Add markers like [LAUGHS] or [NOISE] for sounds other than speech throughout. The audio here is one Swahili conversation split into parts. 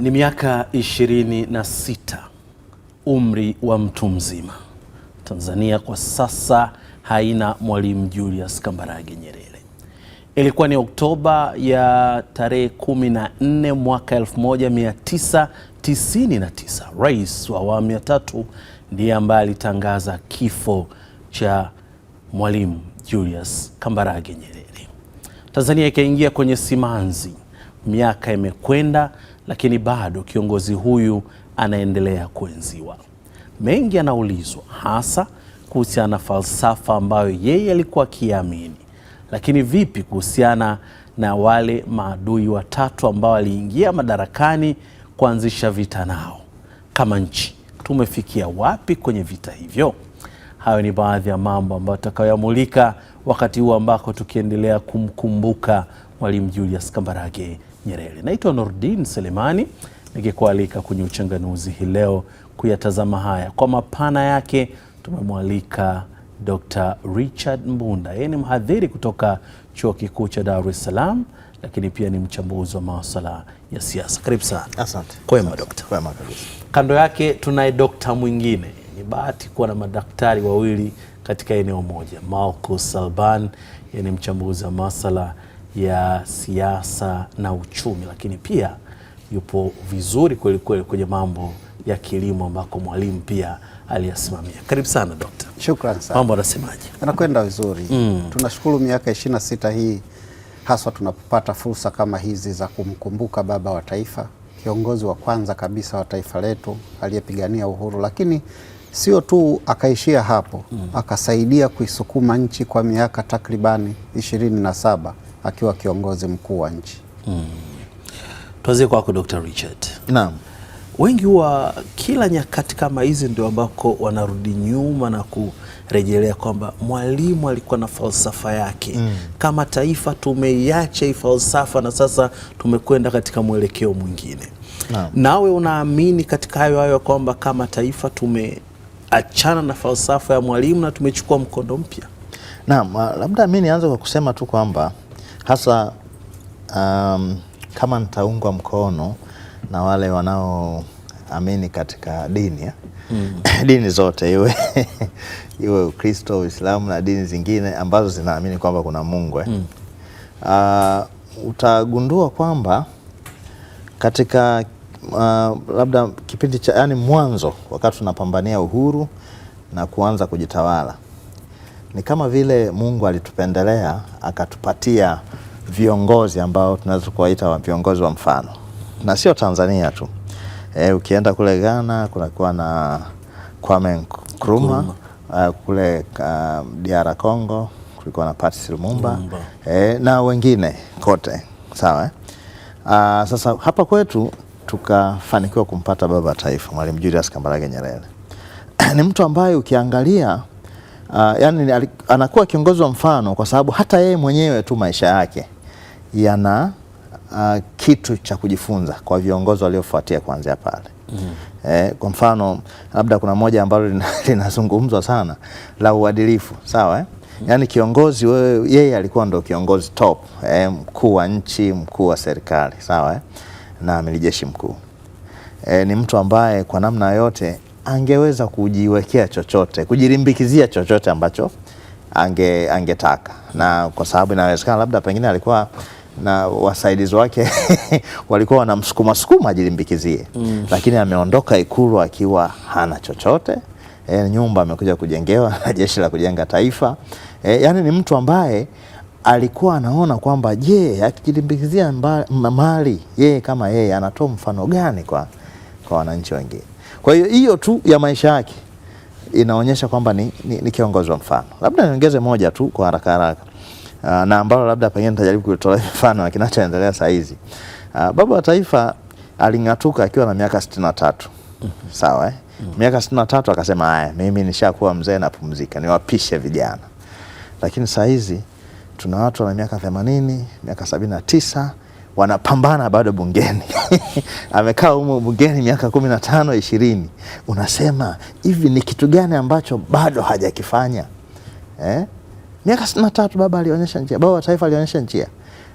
Ni miaka 26 umri wa mtu mzima. Tanzania kwa sasa haina Mwalimu Julius Kambarage Nyerere. Ilikuwa ni Oktoba ya tarehe 14 mwaka 1999, rais wa awamu ya tatu ndiye ambaye alitangaza kifo cha Mwalimu Julius Kambarage Nyerere. Tanzania ikaingia kwenye simanzi, miaka imekwenda lakini bado kiongozi huyu anaendelea kuenziwa. Mengi anaulizwa hasa kuhusiana na falsafa ambayo yeye alikuwa akiamini, lakini vipi kuhusiana na wale maadui watatu ambao aliingia madarakani kuanzisha vita nao? Kama nchi tumefikia wapi kwenye vita hivyo? Hayo ni baadhi ya mambo ambayo tutakayoyamulika wakati huu ambako tukiendelea kumkumbuka Mwalimu Julius Kambarage Nyerere. Naitwa Nordin Selemani nikikualika kwenye Uchanganuzi hii leo kuyatazama haya kwa mapana yake. Tumemwalika Dr. Richard Mbunda, yeye ni mhadhiri kutoka Chuo Kikuu cha Dar es Salaam, lakini pia ni mchambuzi wa masuala ya siasa. Karibu sana. Asante. Kwema dokta. Kwema kabisa. Kando yake tunaye dokta mwingine, ni bahati kuwa na madaktari wawili katika eneo moja, Marcus Alban, yeye ni mchambuzi wa masuala ya siasa na uchumi, lakini pia yupo vizuri kweli kweli kwenye mambo ya kilimo ambako Mwalimu pia aliyasimamia. Karibu sana dokta. Shukrani sana. Mambo anasemaje? Anakwenda vizuri mm. Tunashukuru miaka ishirini na sita hii haswa tunapopata fursa kama hizi za kumkumbuka baba wa taifa, kiongozi wa kwanza kabisa wa taifa letu aliyepigania uhuru, lakini sio tu akaishia hapo mm. Akasaidia kuisukuma nchi kwa miaka takribani ishirini na saba akiwa kiongozi mkuu wa nchi mm. Tuanzie kwako Dr. Richard. Naam. Wengi huwa kila nyakati kama hizi ndio ambako wanarudi nyuma na kurejelea kwamba Mwalimu alikuwa na falsafa yake mm. Kama taifa tumeiacha hii falsafa na sasa tumekwenda katika mwelekeo mwingine naam. Nawe unaamini katika hayo hayo kwamba kama taifa tumeachana na falsafa ya Mwalimu na tumechukua mkondo mpya? Naam, ah, labda mi nianze kwa kusema tu kwamba hasa um, kama nitaungwa mkono na wale wanaoamini katika dini mm. [LAUGHS] dini zote iwe [LAUGHS] iwe Ukristo, Uislamu na dini zingine ambazo zinaamini kwamba kuna Mungu eh. mm. uh, utagundua kwamba katika uh, labda kipindi cha yani mwanzo wakati tunapambania uhuru na kuanza kujitawala ni kama vile Mungu alitupendelea akatupatia viongozi ambao tunaweza kuwaita viongozi wa mfano, na sio Tanzania tu. E, ukienda kule Ghana kunakuwa na Kwame Nkrumah, uh, kule uh, DR Congo kulikuwa na Patrice Lumumba e, na wengine kote sawa eh? Uh, sasa hapa kwetu tukafanikiwa kumpata baba taifa Mwalimu Julius Kambarage Nyerere [CLEARS THROAT] ni mtu ambaye ukiangalia uh, yani anakuwa kiongozi wa mfano kwa sababu hata yeye mwenyewe tu maisha yake yana uh, kitu cha kujifunza kwa viongozi waliofuatia kuanzia pale. Mm -hmm. Eh, kwa mfano labda kuna moja ambalo [LAUGHS] linazungumzwa sana la uadilifu, sawa eh? Yaani kiongozi wewe, yeye alikuwa ndo kiongozi top eh, mkuu wa nchi, mkuu wa serikali sawa eh? na amiri jeshi mkuu eh, ni mtu ambaye kwa namna yote angeweza kujiwekea chochote, kujirimbikizia chochote ambacho ange angetaka, na kwa sababu inawezekana labda pengine alikuwa na wasaidizi wake [LAUGHS] walikuwa wanamsukuma sukuma ajilimbikizie mm. Lakini ameondoka Ikulu akiwa hana chochote e, nyumba amekuja kujengewa na [LAUGHS] jeshi la kujenga taifa e, yani ni mtu ambaye alikuwa anaona kwamba je, akijilimbikizia mali yeye kama yeye anatoa mfano gani kwa, kwa wananchi wengine? Kwa hiyo hiyo tu ya maisha yake inaonyesha kwamba ni, ni, ni kiongozi wa mfano. Labda niongeze moja tu kwa haraka haraka ah, na ambalo labda pengine nitajaribu kutolea [LAUGHS] mfano wa kinachoendelea saa hizi. Ah, Baba wa Taifa aling'atuka akiwa na miaka sitini na tatu. Mm -hmm. Sawa eh? Mm -hmm. Miaka sitini na tatu akasema haya, mimi nishakuwa mzee napumzika, niwapishe vijana. Lakini saa hizi tuna watu wana miaka themanini, miaka sabini na tisa wanapambana bado bungeni [LAUGHS] amekaa humo bungeni miaka kumi na tano ishirini. Unasema hivi ni kitu gani ambacho bado hajakifanya eh? Miaka sitini na tatu baba alionyesha njia, baba wa taifa alionyesha njia.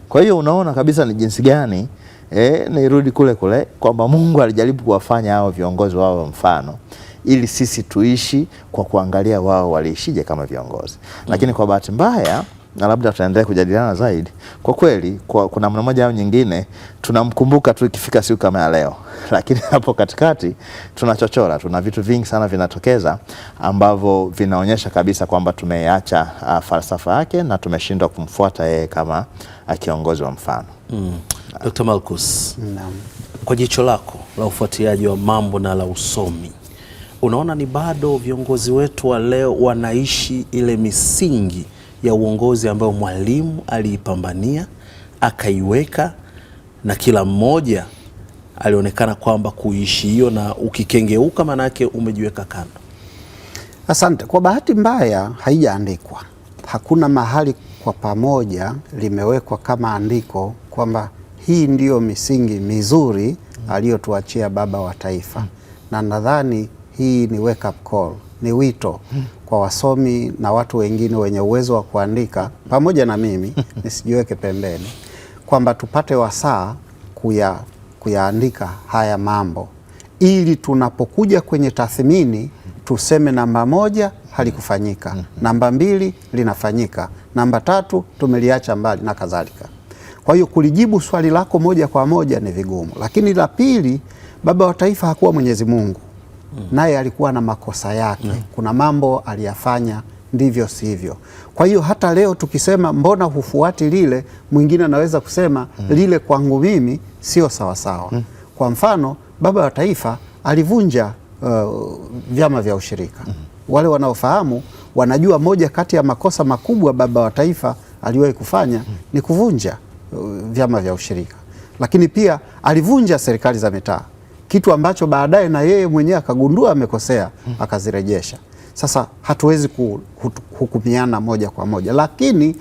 Kwa hiyo unaona kabisa ni jinsi gani eh, nirudi kule kule kwamba Mungu alijaribu kuwafanya hao viongozi wao mfano ili sisi tuishi kwa kuangalia wao waliishije kama viongozi, lakini kwa bahati mbaya na labda tutaendelea kujadiliana zaidi. Kwa kweli kwa, kuna namna moja au nyingine tunamkumbuka tu ikifika siku kama ya leo, [LAUGHS] lakini hapo katikati tunachochora, tuna vitu vingi sana vinatokeza ambavyo vinaonyesha kabisa kwamba tumeacha uh, falsafa yake na tumeshindwa kumfuata yeye kama uh, kiongozi wa mfano mm. Dr. Malkus mm. kwa jicho lako la ufuatiliaji wa mambo na la usomi unaona ni bado viongozi wetu wa leo wanaishi ile misingi ya uongozi ambayo Mwalimu aliipambania akaiweka, na kila mmoja alionekana kwamba kuishi hiyo, na ukikengeuka manake umejiweka kando. Asante. Kwa bahati mbaya haijaandikwa, hakuna mahali kwa pamoja limewekwa kama andiko kwamba hii ndiyo misingi mizuri aliyotuachia baba wa taifa, na nadhani hii ni wake up call ni wito kwa wasomi na watu wengine wenye uwezo wa kuandika pamoja na mimi [LAUGHS] nisijiweke pembeni, kwamba tupate wasaa kuya, kuyaandika haya mambo ili tunapokuja kwenye tathmini tuseme namba moja halikufanyika, namba mbili linafanyika, namba tatu tumeliacha mbali na kadhalika. Kwa hiyo kulijibu swali lako moja kwa moja ni vigumu, lakini la pili, baba wa taifa hakuwa Mwenyezi Mungu naye alikuwa na makosa yake mm. kuna mambo aliyafanya ndivyo sivyo. Kwa hiyo hata leo tukisema mbona hufuati lile, mwingine anaweza kusema mm. lile kwangu mimi sio sawasawa mm. Kwa mfano baba wa taifa alivunja uh, vyama vya ushirika mm. Wale wanaofahamu wanajua moja kati ya makosa makubwa baba wa taifa aliwahi kufanya mm. ni kuvunja uh, vyama vya ushirika, lakini pia alivunja serikali za mitaa kitu ambacho baadaye na yeye mwenyewe akagundua amekosea akazirejesha. Sasa hatuwezi kuhukumiana moja kwa moja, lakini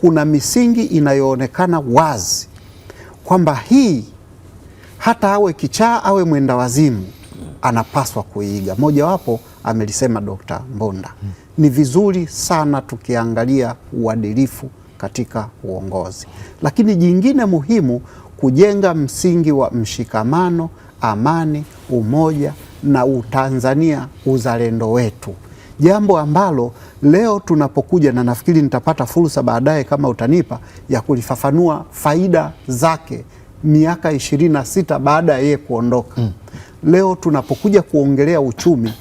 kuna misingi inayoonekana wazi kwamba hii hata awe kichaa awe mwenda wazimu anapaswa kuiiga. Mojawapo amelisema Dr. Mbonda, ni vizuri sana tukiangalia uadilifu katika uongozi, lakini jingine muhimu kujenga msingi wa mshikamano amani, umoja na Utanzania, uzalendo wetu, jambo ambalo leo tunapokuja na nafikiri nitapata fursa baadaye kama utanipa ya kulifafanua faida zake miaka ishirini na sita baada ya yeye kuondoka mm. Leo tunapokuja kuongelea uchumi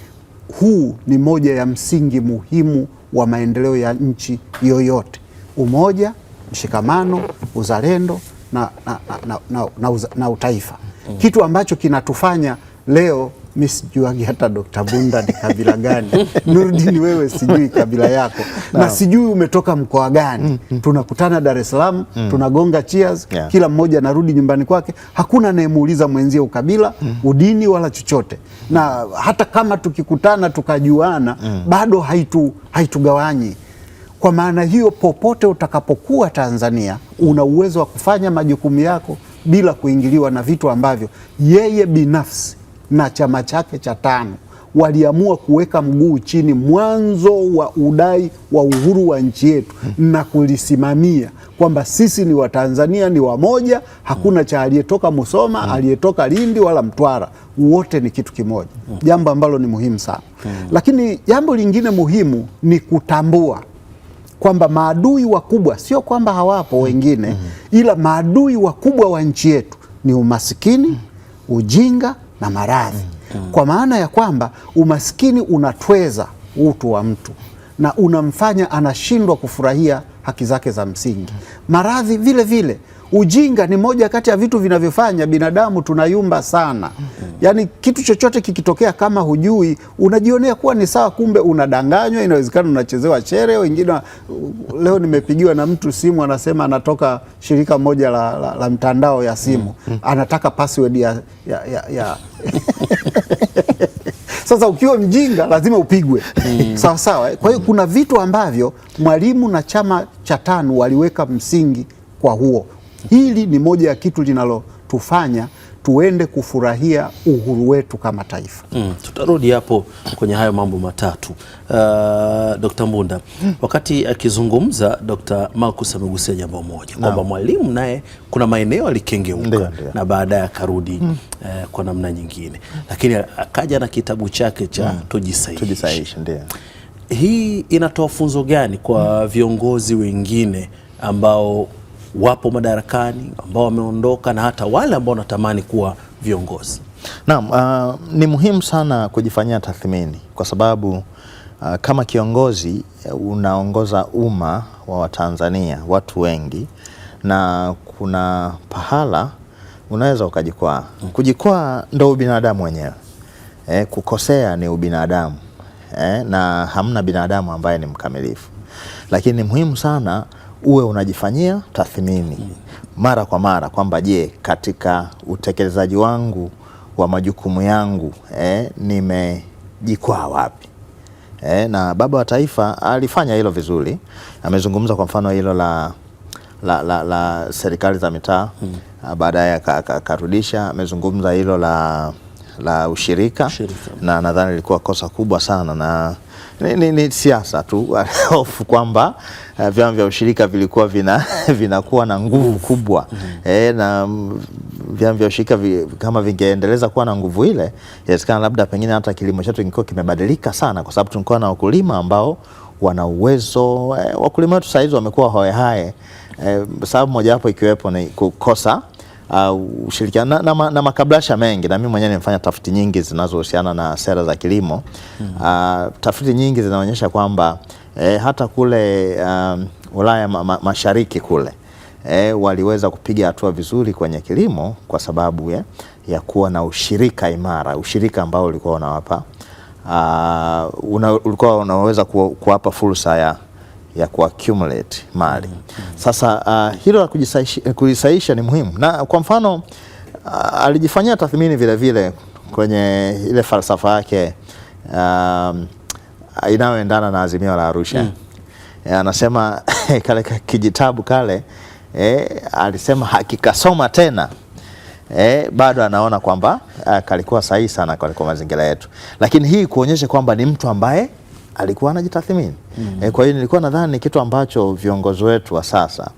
huu, ni moja ya msingi muhimu wa maendeleo ya nchi yoyote: umoja, mshikamano, uzalendo na, na, na, na, na, na, na utaifa mm. kitu ambacho kinatufanya leo mi sijuagi hata Dokta Bunda ni kabila gani? [LAUGHS] Nurudini, wewe sijui kabila yako na sijui umetoka mkoa gani? Mm, mm. Tunakutana Dar es Salaam mm. tunagonga cheers yeah. Kila mmoja anarudi nyumbani kwake, hakuna anayemuuliza mwenzie ukabila udini wala chochote na hata kama tukikutana tukajuana bado haitu haitugawanyi. Kwa maana hiyo, popote utakapokuwa Tanzania, una uwezo wa kufanya majukumu yako bila kuingiliwa na vitu ambavyo yeye binafsi na chama chake cha tano waliamua kuweka mguu chini mwanzo wa udai wa uhuru wa nchi yetu na kulisimamia kwamba sisi ni Watanzania, ni wamoja, hakuna cha aliyetoka Musoma, aliyetoka Lindi wala Mtwara, wote ni kitu kimoja, jambo ambalo ni muhimu sana. Lakini jambo lingine muhimu ni kutambua kwamba maadui wakubwa sio kwamba hawapo wengine mm -hmm. ila maadui wakubwa wa nchi yetu ni umasikini mm -hmm. ujinga na maradhi mm -hmm. kwa maana ya kwamba umasikini unatweza utu wa mtu na unamfanya anashindwa kufurahia haki zake za msingi. Maradhi vile vile Ujinga ni moja kati ya vitu vinavyofanya binadamu tunayumba sana. Yaani kitu chochote kikitokea kama hujui, unajionea kuwa ni sawa, kumbe unadanganywa. Inawezekana unachezewa shere. Wengine leo nimepigiwa na mtu simu, anasema anatoka shirika moja la, la, la mtandao ya simu, anataka password ya, ya, ya, ya. [LAUGHS] Sasa ukiwa mjinga lazima upigwe sawa sawa. Eh? Kwa hiyo kuna vitu ambavyo mwalimu na chama cha TANU waliweka msingi kwa huo Hili ni moja ya kitu linalotufanya tuende kufurahia uhuru wetu kama taifa. Mm, tutarudi hapo kwenye hayo mambo matatu. Uh, Dr. Mbunda mm, wakati akizungumza Dr. Marcus amegusia jambo moja kwamba mwalimu naye kuna maeneo alikengeuka na baadaye akarudi mm, uh, kwa namna nyingine lakini akaja na kitabu chake cha mm, Tujisahihishe. Hii inatoa funzo gani kwa mm, viongozi wengine ambao wapo madarakani ambao wameondoka na hata wale ambao wanatamani kuwa viongozi. Naam, uh, ni muhimu sana kujifanyia tathmini kwa sababu uh, kama kiongozi eh, unaongoza umma wa Watanzania watu wengi, na kuna pahala unaweza ukajikwaa. Kujikwaa ndo ubinadamu wenyewe eh, kukosea ni ubinadamu eh, na hamna binadamu ambaye ni mkamilifu, lakini ni muhimu sana uwe unajifanyia tathmini mara kwa mara kwamba je, katika utekelezaji wangu wa majukumu yangu eh, nimejikwaa wapi? Eh, na Baba wa Taifa alifanya hilo vizuri, amezungumza kwa mfano hilo la, la, la, la serikali za mitaa hmm. Baadaye akarudisha, amezungumza hilo la la ushirika, ushirika. Na nadhani ilikuwa kosa kubwa sana na ni, ni, ni siasa tu [LAUGHS] hofu kwamba uh, vyama vya ushirika vilikuwa vina [LAUGHS] vinakuwa na nguvu kubwa mm -hmm. E, na vyama vya ushirika vi, kama vingeendeleza kuwa na nguvu ile, inawezekana labda pengine hata kilimo chetu kingekuwa kimebadilika sana, kwa sababu tulikuwa na wakulima ambao wana uwezo. Eh, wakulima wetu saizi wamekuwa hoehae, sababu mojawapo ikiwepo ni kukosa uh, ushirikiano na, na, na makablasha mengi, na mimi mwenyewe nimefanya tafiti nyingi zinazohusiana na sera za kilimo mm -hmm. uh, tafiti nyingi zinaonyesha kwamba eh, hata kule um, Ulaya ma, ma, mashariki kule eh, waliweza kupiga hatua vizuri kwenye kilimo kwa sababu ya, ya kuwa na ushirika imara, ushirika ambao ulikuwa unawapa uh, una, ulikuwa unaweza kuwapa fursa ya ya kuaccumulate mali. Sasa uh, hilo la kujisaisha, ni muhimu, na kwa mfano uh, alijifanyia tathmini vile vile kwenye ile falsafa yake uh, inayoendana na Azimio la Arusha mm. eh, anasema [LAUGHS] kale kijitabu kale eh, alisema hakikasoma tena eh, bado anaona kwamba uh, kalikuwa sahihi sana kwa mazingira yetu, lakini hii kuonyesha kwamba ni mtu ambaye alikuwa anajitathmini mm. E, kwa hiyo nilikuwa nadhani ni kitu ambacho viongozi wetu wa sasa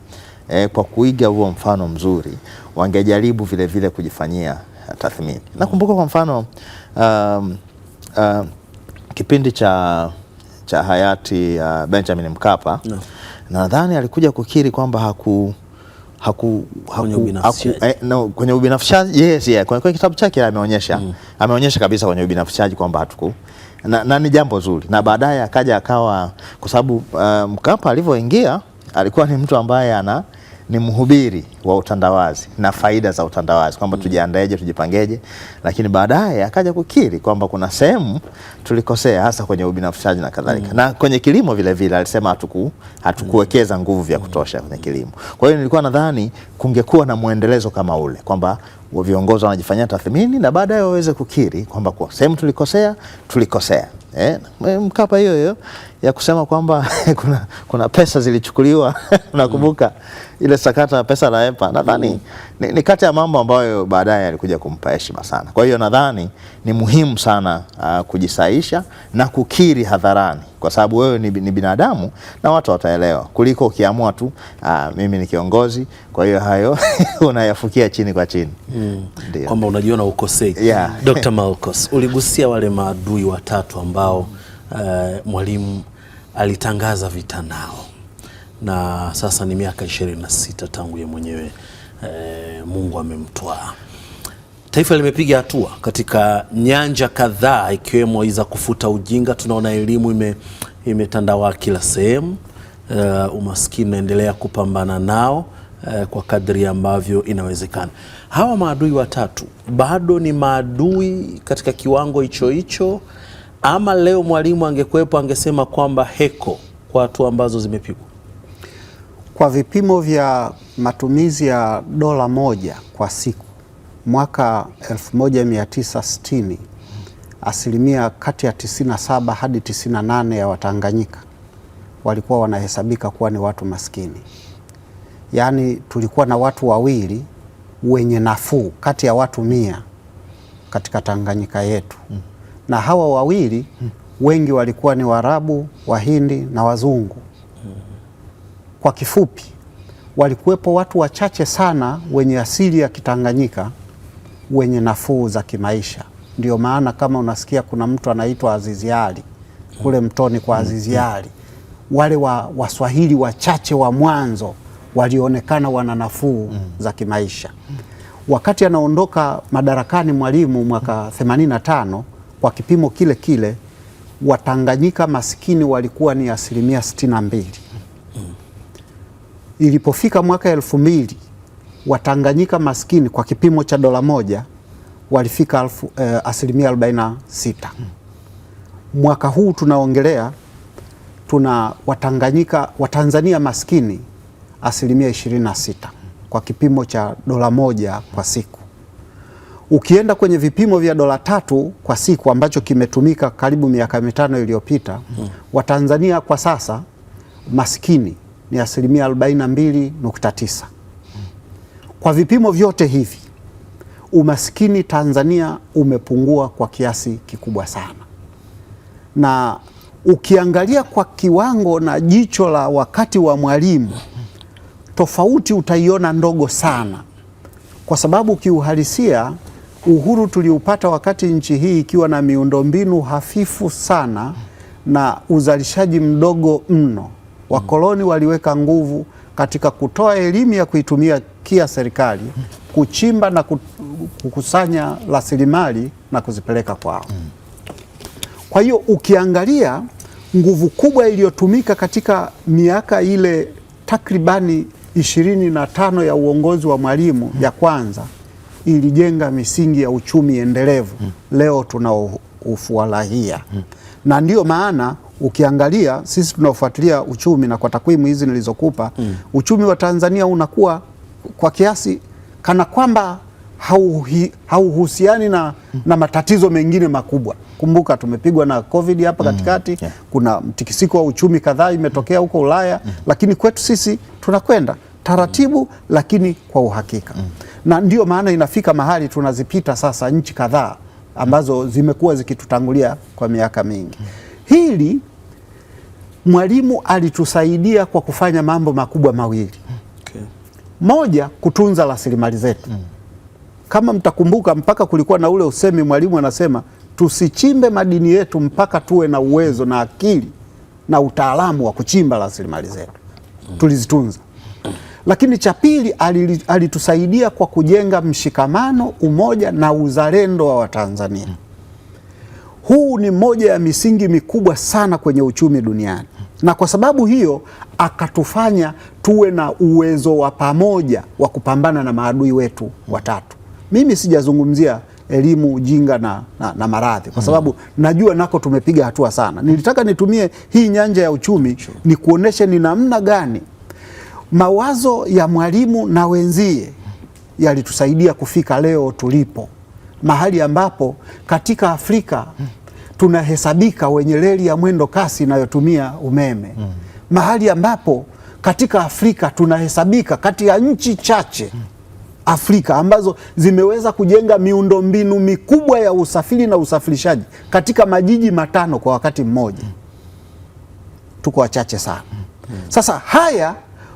e, kwa kuiga huo mfano mzuri wangejaribu vile vile kujifanyia eh, tathmini. Nakumbuka kwa mfano um, uh, kipindi cha, cha hayati uh, Benjamin Mkapa no. Nadhani alikuja kukiri kwamba haku haku, kwenye ubinafsishaji eh, no, yes, yeah. Kwenye kitabu chake ameonyesha mm. Ameonyesha kabisa kwenye ubinafsishaji kwamba hatuku na, na ni jambo zuri, na baadaye akaja akawa, kwa sababu uh, Mkapa alivyoingia alikuwa ni mtu ambaye ana ni mhubiri wa utandawazi na faida za utandawazi kwamba mm. tujiandaeje, tujipangeje, lakini baadaye akaja kukiri kwamba kuna sehemu tulikosea hasa kwenye ubinafsaji na kadhalika mm. na kwenye kilimo vile vile alisema hatuku hatukuwekeza mm. nguvu vya kutosha kwenye kilimo. Kwa hiyo nilikuwa nadhani kungekuwa na mwendelezo kama ule kwamba viongozi wanajifanyia tathmini na baadaye waweze kukiri kwamba kwa sehemu tulikosea tulikosea. Eh, Mkapa hiyo hiyo ya kusema kwamba [LAUGHS] kuna, kuna pesa zilichukuliwa [LAUGHS] nakumbuka ile sakata ya pesa la EPA nadhani ni, ni kati ya mambo ambayo baadaye alikuja kumpa heshima sana. Kwa hiyo nadhani ni muhimu sana uh, kujisaisha na kukiri hadharani kwa sababu wewe ni, ni binadamu na watu wataelewa kuliko ukiamua tu ah, mimi ni kiongozi, kwa hiyo hayo [LAUGHS] unayafukia chini kwa chini mm, kwamba unajiona ukosei. Yeah. Dr. Malcos, uligusia wale maadui watatu ambao uh, Mwalimu alitangaza vita nao na sasa ni miaka 26 tangu ye mwenyewe uh, Mungu amemtwaa Taifa limepiga hatua katika nyanja kadhaa ikiwemo hii za kufuta ujinga. Tunaona elimu ime, imetandawa kila sehemu. Uh, umaskini unaendelea kupambana nao uh, kwa kadri ambavyo inawezekana. Hawa maadui watatu bado ni maadui katika kiwango hicho hicho, ama leo mwalimu angekuwepo angesema kwamba heko kwa hatua ambazo zimepigwa kwa vipimo vya matumizi ya dola moja kwa siku mwaka 1960 asilimia kati ya 97 hadi 98 ya Watanganyika walikuwa wanahesabika kuwa ni watu maskini. Yaani tulikuwa na watu wawili wenye nafuu kati ya watu mia katika Tanganyika yetu mm. na hawa wawili mm. wengi walikuwa ni Waarabu, Wahindi na Wazungu mm. Kwa kifupi, walikuwepo watu wachache sana wenye asili ya Kitanganyika wenye nafuu za kimaisha. Ndio maana kama unasikia kuna mtu anaitwa Aziziali kule Mtoni kwa Aziziali, wale wa Waswahili wachache wa mwanzo walionekana wana nafuu za kimaisha. Wakati anaondoka madarakani Mwalimu mwaka 85 kwa kipimo kile kile Watanganyika masikini walikuwa ni asilimia 62. Ilipofika mwaka elfu mbili Watanganyika maskini kwa kipimo cha dola moja walifika alfu, eh, asilimia 46. Mwaka huu tunaongelea tuna Watanganyika Watanzania maskini asilimia 26 kwa kipimo cha dola moja kwa siku. Ukienda kwenye vipimo vya dola tatu kwa siku ambacho kimetumika karibu miaka mitano iliyopita, Watanzania kwa sasa maskini ni asilimia 42.9 kwa vipimo vyote hivi umaskini Tanzania umepungua kwa kiasi kikubwa sana, na ukiangalia kwa kiwango na jicho la wakati wa Mwalimu, tofauti utaiona ndogo sana, kwa sababu kiuhalisia uhuru tuliupata wakati nchi hii ikiwa na miundombinu hafifu sana na uzalishaji mdogo mno. Wakoloni waliweka nguvu katika kutoa elimu ya kuitumia kia serikali kuchimba na kukusanya rasilimali na kuzipeleka kwao. Kwa hiyo ukiangalia nguvu kubwa iliyotumika katika miaka ile takribani ishirini na tano ya uongozi wa Mwalimu ya kwanza ilijenga misingi ya uchumi endelevu leo tunaofurahia, na ndiyo maana ukiangalia sisi tunaofuatilia uchumi na kwa takwimu hizi nilizokupa, mm. uchumi wa Tanzania unakuwa kwa kiasi kana kwamba hauhusiani na, hmm. na matatizo mengine makubwa. Kumbuka tumepigwa na Covid hapa hmm. katikati, mm. yeah. kuna mtikisiko wa uchumi kadhaa imetokea huko Ulaya, mm. lakini kwetu sisi tunakwenda taratibu, mm. lakini kwa uhakika, mm. na ndio maana inafika mahali tunazipita sasa nchi kadhaa ambazo zimekuwa zikitutangulia kwa miaka mingi, mm. Hili mwalimu alitusaidia kwa kufanya mambo makubwa mawili. Okay. Moja, kutunza rasilimali zetu. Mm. Kama mtakumbuka, mpaka kulikuwa na ule usemi, mwalimu anasema tusichimbe madini yetu mpaka tuwe na uwezo na akili na utaalamu wa kuchimba rasilimali zetu. Mm. Tulizitunza. Lakini cha pili, alitusaidia kwa kujenga mshikamano, umoja na uzalendo wa Watanzania. Mm. Huu ni moja ya misingi mikubwa sana kwenye uchumi duniani, na kwa sababu hiyo akatufanya tuwe na uwezo wa pamoja wa kupambana na maadui wetu watatu. Mimi sijazungumzia elimu, ujinga na, na, na maradhi kwa sababu hmm, najua nako tumepiga hatua sana. Nilitaka nitumie hii nyanja ya uchumi sure, ni kuoneshe ni namna gani mawazo ya Mwalimu na wenzie yalitusaidia kufika leo tulipo mahali ambapo katika Afrika tunahesabika wenye reli ya mwendo kasi inayotumia umeme mm. mahali ambapo katika Afrika tunahesabika kati ya nchi chache hmm. Afrika ambazo zimeweza kujenga miundombinu mikubwa ya usafiri na usafirishaji katika majiji matano kwa wakati mmoja hmm. tuko wachache sana hmm. Sasa haya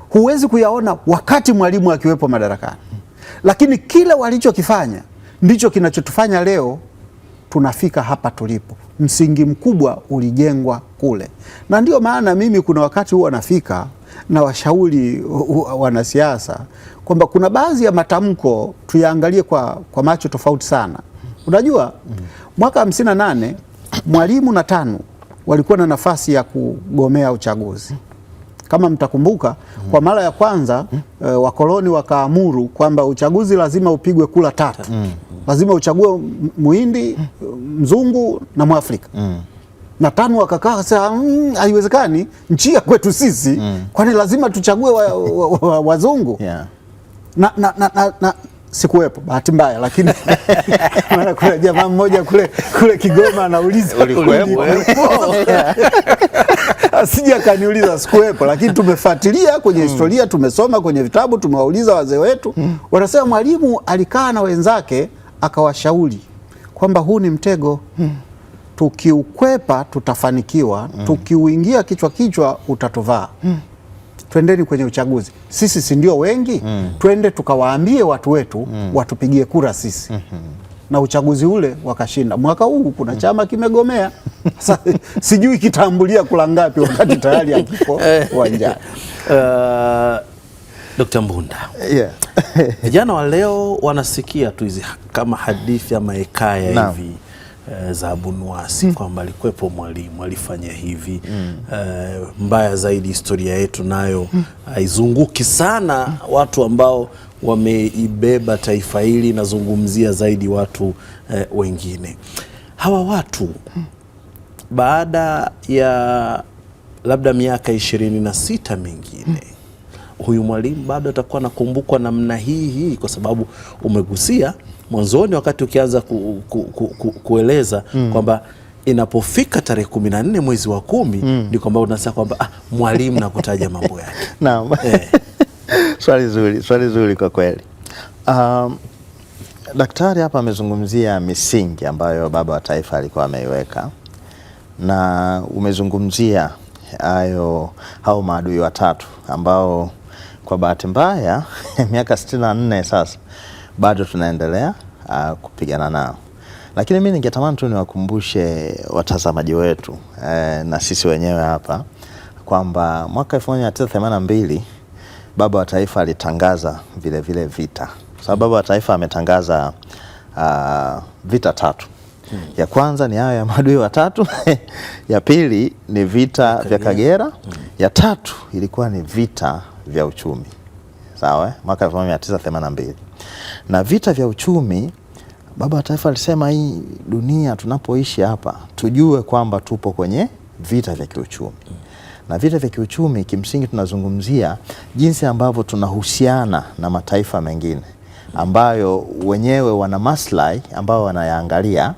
huwezi kuyaona wakati Mwalimu akiwepo madarakani lakini kile walichokifanya ndicho kinachotufanya leo tunafika hapa tulipo. Msingi mkubwa ulijengwa kule, na ndio maana mimi kuna wakati huwa nafika na washauri wanasiasa kwamba kuna baadhi ya matamko tuyaangalie kwa, kwa macho tofauti sana. Unajua, mwaka hamsini na nane Mwalimu na TANU walikuwa na nafasi ya kugomea uchaguzi kama mtakumbuka, kwa mara ya kwanza eh, wakoloni wakaamuru kwamba uchaguzi lazima upigwe kula tatu lazima uchague muhindi mzungu na mwafrika mm. na tano wakakaa mm, haiwezekani mm, nchi ya kwetu sisi mm. kwani lazima tuchague wazungu wa, wa, wa, wa [LAUGHS] yeah. na, na, na, na, na sikuwepo bahati mbaya, lakini [LAUGHS] [LAUGHS] maana kuna jamaa mmoja kule kule Kigoma anauliza asija akaniuliza, sikuwepo, lakini tumefuatilia kwenye mm. historia, tumesoma kwenye vitabu, tumewauliza wazee wetu, mm. wanasema mwalimu alikaa na wenzake akawashauri kwamba huu ni mtego hmm. Tukiukwepa tutafanikiwa hmm. Tukiuingia kichwa kichwa utatuvaa hmm. Twendeni kwenye uchaguzi, sisi si ndio wengi hmm. Twende tukawaambie watu wetu hmm. Watupigie kura sisi hmm. Na uchaguzi ule wakashinda. Mwaka huu kuna hmm. chama kimegomea [LAUGHS] Sa, sijui kitambulia kula ngapi wakati tayari akipo [LAUGHS] eh. uwanjani [LAUGHS] uh... Dr. Mbunda, yeah. [LAUGHS] vijana wa leo wanasikia tu hizi kama hadithi ama hekaya no. hivi e, za Abunuwasi mm. kwamba alikuwepo mwalimu alifanya hivi mm. e, mbaya zaidi historia yetu nayo mm. sana mm. watu ambao wameibeba taifa hili, nazungumzia zaidi watu e, wengine hawa watu mm. baada ya labda miaka ishirini na sita mingine mm huyu mwalimu bado atakuwa anakumbukwa namna hii hii, kwa sababu umegusia mwanzoni wakati ukianza ku, ku, ku, ku, kueleza mm. kwamba inapofika tarehe kumi na nne mwezi wa kumi mm. ndio kwamba unasema kwamba ah, mwalimu nakutaja mambo yake [LAUGHS] naam eh. [LAUGHS] swali zuri, swali zuri kwa kweli. Um, daktari hapa amezungumzia misingi ambayo baba wa taifa alikuwa ameiweka na umezungumzia hayo hao maadui watatu ambao kwa bahati mbaya [LAUGHS] miaka sitini na nne sasa bado tunaendelea uh, kupigana nao, lakini mimi ningetamani tu niwakumbushe watazamaji wetu eh, na sisi wenyewe hapa kwamba mwaka 1982 baba wa taifa alitangaza vile vile vita, kwa sababu baba wa taifa ametangaza uh, vita tatu hmm. Ya kwanza ni hayo ya maadui watatu [LAUGHS] ya pili ni vita vya Kagera hmm. Ya tatu ilikuwa ni vita vya uchumi sawa, eh? mwaka mbili na vita vya uchumi, baba wa taifa alisema hii dunia tunapoishi hapa tujue kwamba tupo kwenye vita vya kiuchumi na vita vya kiuchumi kimsingi tunazungumzia jinsi ambavyo tunahusiana na mataifa mengine ambayo wenyewe wana maslahi ambayo wanayaangalia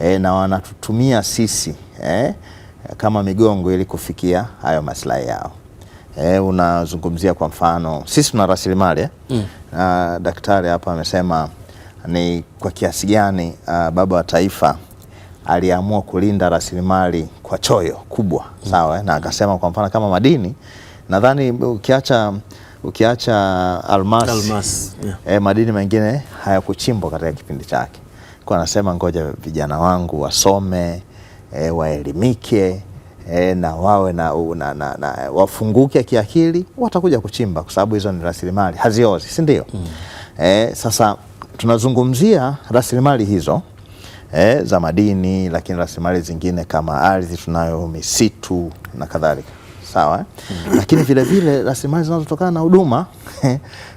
e, na wanatutumia sisi e, kama migongo ili kufikia hayo maslahi yao eh, unazungumzia kwa mfano sisi tuna rasilimali eh? mm. Uh, daktari hapa amesema ni kwa kiasi gani uh, baba wa taifa aliamua kulinda rasilimali kwa choyo kubwa mm. Sawa eh? na akasema kwa mfano kama madini nadhani ukiacha ukiacha almasi, almas, yeah. eh, madini mengine hayakuchimbwa katika kipindi chake, kwa anasema ngoja vijana wangu wasome eh, waelimike e, na wawe na, na, na, na wafunguke kiakili, watakuja kuchimba kwa sababu hizo ni rasilimali haziozi, si ndio? mm. E, sasa tunazungumzia rasilimali hizo e, za madini, lakini rasilimali zingine kama ardhi, tunayo misitu na kadhalika sawa mm. Lakini vilevile rasilimali zinazotokana na huduma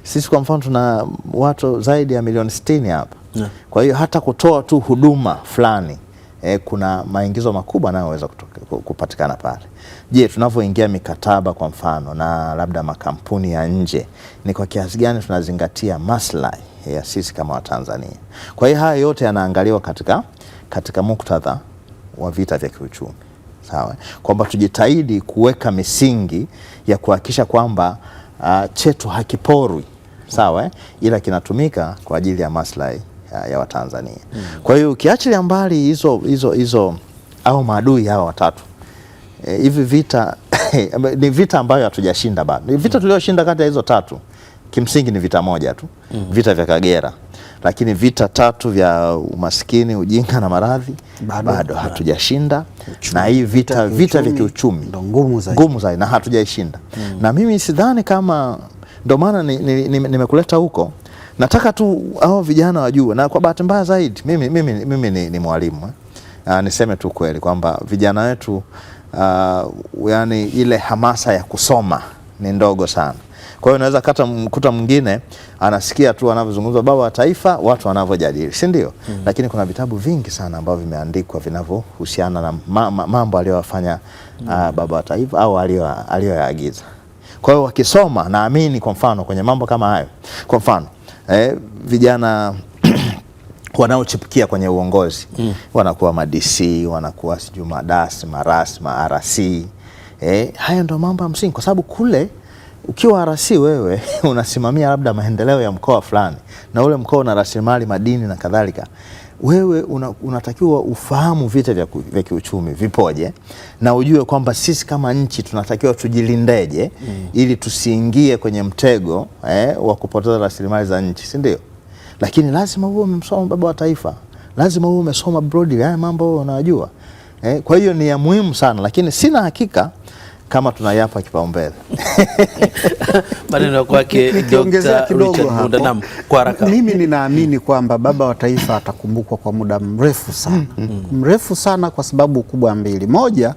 sisi kwa mfano tuna watu zaidi ya milioni sitini hapa yeah. Kwa hiyo hata kutoa tu huduma fulani e, kuna maingizo makubwa yanayoweza kupatikana pale. Je, tunavyoingia mikataba kwa mfano na labda makampuni ya nje, ni kwa kiasi gani tunazingatia maslahi ya sisi kama Watanzania? Kwa hiyo haya yote yanaangaliwa katika, katika muktadha wa vita vya kiuchumi sawa, kwamba tujitahidi kuweka misingi ya kuhakikisha kwamba uh, chetu hakiporwi sawa, ila kinatumika kwa ajili ya maslahi ya, ya Watanzania mm. Kwa hiyo ukiachilia mbali hizo hizo hizo au maadui hawa watatu e, hivi e, vita [LAUGHS] ni vita ambayo hatujashinda bado. Ni vita tulioshinda kati ya hizo tatu kimsingi ni vita moja tu mm. vita vya Kagera, lakini vita tatu vya umaskini, ujinga na maradhi bado, bado hatujashinda Na hii vita vita vita vya kiuchumi ngumu zaidi ngumu zaidi na hatujaishinda mm. na mimi sidhani kama ndo maana nimekuleta ni, ni, ni huko nataka tu hao vijana wajue, na kwa bahati mbaya zaidi mimi, mimi, mimi ni, ni mwalimu eh. Ah, niseme tu kweli kwamba vijana wetu uh, yani ile hamasa ya kusoma ni ndogo sana. Kwa hiyo unaweza kata mkuta mwingine anasikia tu anavyozungumzwa baba wa taifa, watu wanavyojadili, si ndio? mm. Lakini kuna vitabu vingi sana ambavyo vimeandikwa vinavyohusiana na ma, ma, mambo aliyowafanya mm. uh, baba wa taifa au aliyoyaagiza. Kwa hiyo wakisoma, naamini kwa mfano kwenye mambo kama hayo, kwa mfano eh, vijana [CLEARS THROAT] wanaochipukia kwenye uongozi mm. wanakuwa madc wanakuwa sijui madas maras ma eh, haya ndo mambo ya msingi, kwa sababu kule ukiwa RC wewe [LAUGHS] unasimamia labda maendeleo ya mkoa fulani, na ule mkoa una rasilimali madini na kadhalika wewe una, unatakiwa ufahamu vita vya kiuchumi vipoje na ujue kwamba sisi kama nchi tunatakiwa tujilindeje mm. ili tusiingie kwenye mtego eh, wa kupoteza rasilimali za nchi, si ndio? Lakini lazima uwe umemsoma baba wa taifa, lazima uwe umesoma broadly haya mambo unayajua eh, kwa hiyo ni ya muhimu sana, lakini sina hakika kama tunayapa kipaumbele. [LAUGHS] Maneno kwake [LAUGHS] Dr. Richard Munda. Naam, kwa haraka, mimi ninaamini kwamba baba wa taifa atakumbukwa kwa muda mrefu sana hmm. Hmm. mrefu sana kwa sababu kubwa mbili. Moja,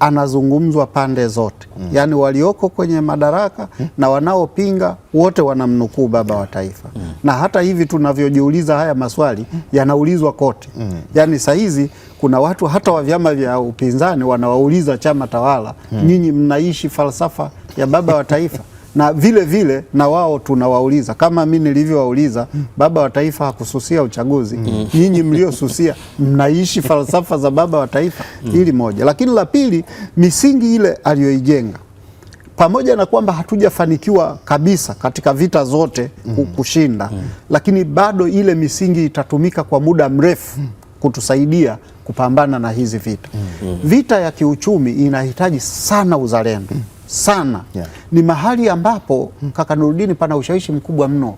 anazungumzwa pande zote mm. Yaani walioko kwenye madaraka mm. na wanaopinga wote wanamnukuu baba wa taifa mm. na hata hivi tunavyojiuliza haya maswali mm. yanaulizwa kote mm. Yaani sahizi kuna watu hata wa vyama vya upinzani wanawauliza chama tawala mm. nyinyi mnaishi falsafa ya baba wa taifa [LAUGHS] na vile vile na wao tunawauliza kama mi nilivyowauliza, baba wa taifa hakususia uchaguzi mm. Nyinyi mliosusia mnaishi falsafa za baba wa taifa mm. Hili moja, lakini la pili, misingi ile aliyoijenga pamoja na kwamba hatujafanikiwa kabisa katika vita zote mm. kushinda Mm. Lakini bado ile misingi itatumika kwa muda mrefu mm. kutusaidia kupambana na hizi vita mm. mm. Vita ya kiuchumi inahitaji sana uzalendo mm sana yeah. Ni mahali ambapo kaka Nurudini pana ushawishi mkubwa mno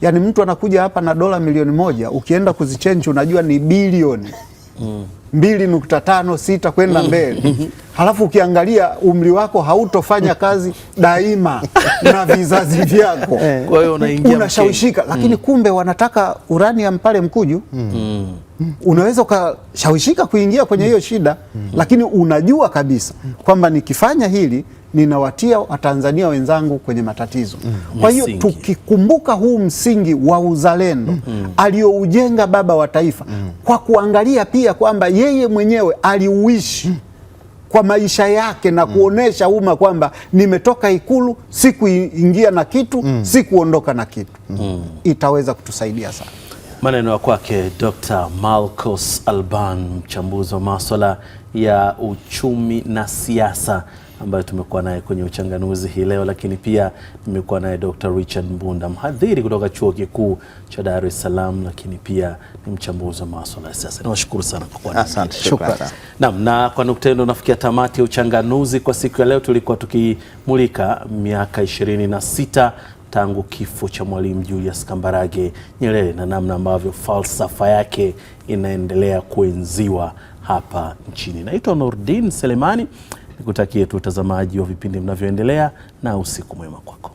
yani mtu anakuja hapa na dola milioni moja ukienda kuzichenji unajua ni bilioni mm. mbili nukta tano sita kwenda mm. mbele [LAUGHS] halafu ukiangalia umri wako hautofanya kazi daima [LAUGHS] na vizazi vyako eh. kwa hiyo unaingia unashawishika lakini mm. kumbe wanataka uranium pale mkuju mm. mm. unaweza ukashawishika kuingia kwenye hiyo shida mm. lakini unajua kabisa kwamba nikifanya hili ninawatia Watanzania wenzangu kwenye matatizo. Mm, kwa hiyo tukikumbuka huu msingi wa uzalendo mm, mm. aliyoujenga baba wa taifa mm, kwa kuangalia pia kwamba yeye mwenyewe aliuishi mm kwa maisha yake na mm. kuonesha umma kwamba nimetoka Ikulu, sikuingia na kitu mm. sikuondoka na kitu mm. itaweza kutusaidia sana. Maneno ya kwake Dr. Malcos Alban, mchambuzi wa maswala ya uchumi na siasa ambaye tumekuwa naye kwenye uchanganuzi hii leo, lakini pia nimekuwa naye Dr. Richard Mbunda, mhadhiri kutoka Chuo Kikuu cha Dar es Salaam, lakini pia ni mchambuzi wa masuala ya siasa. Nawashukuru sana kwa kuwa naam. Na kwa nukta hiyo nafikia tamati ya uchanganuzi kwa siku ya leo. Tulikuwa tukimulika miaka ishirini na sita tangu kifo cha Mwalimu Julius Kambarage Nyerere na namna ambavyo falsafa yake inaendelea kuenziwa hapa nchini. Naitwa Nurdin Selemani. Nikutakie tu utazamaji wa vipindi mnavyoendelea na usiku mwema kwako.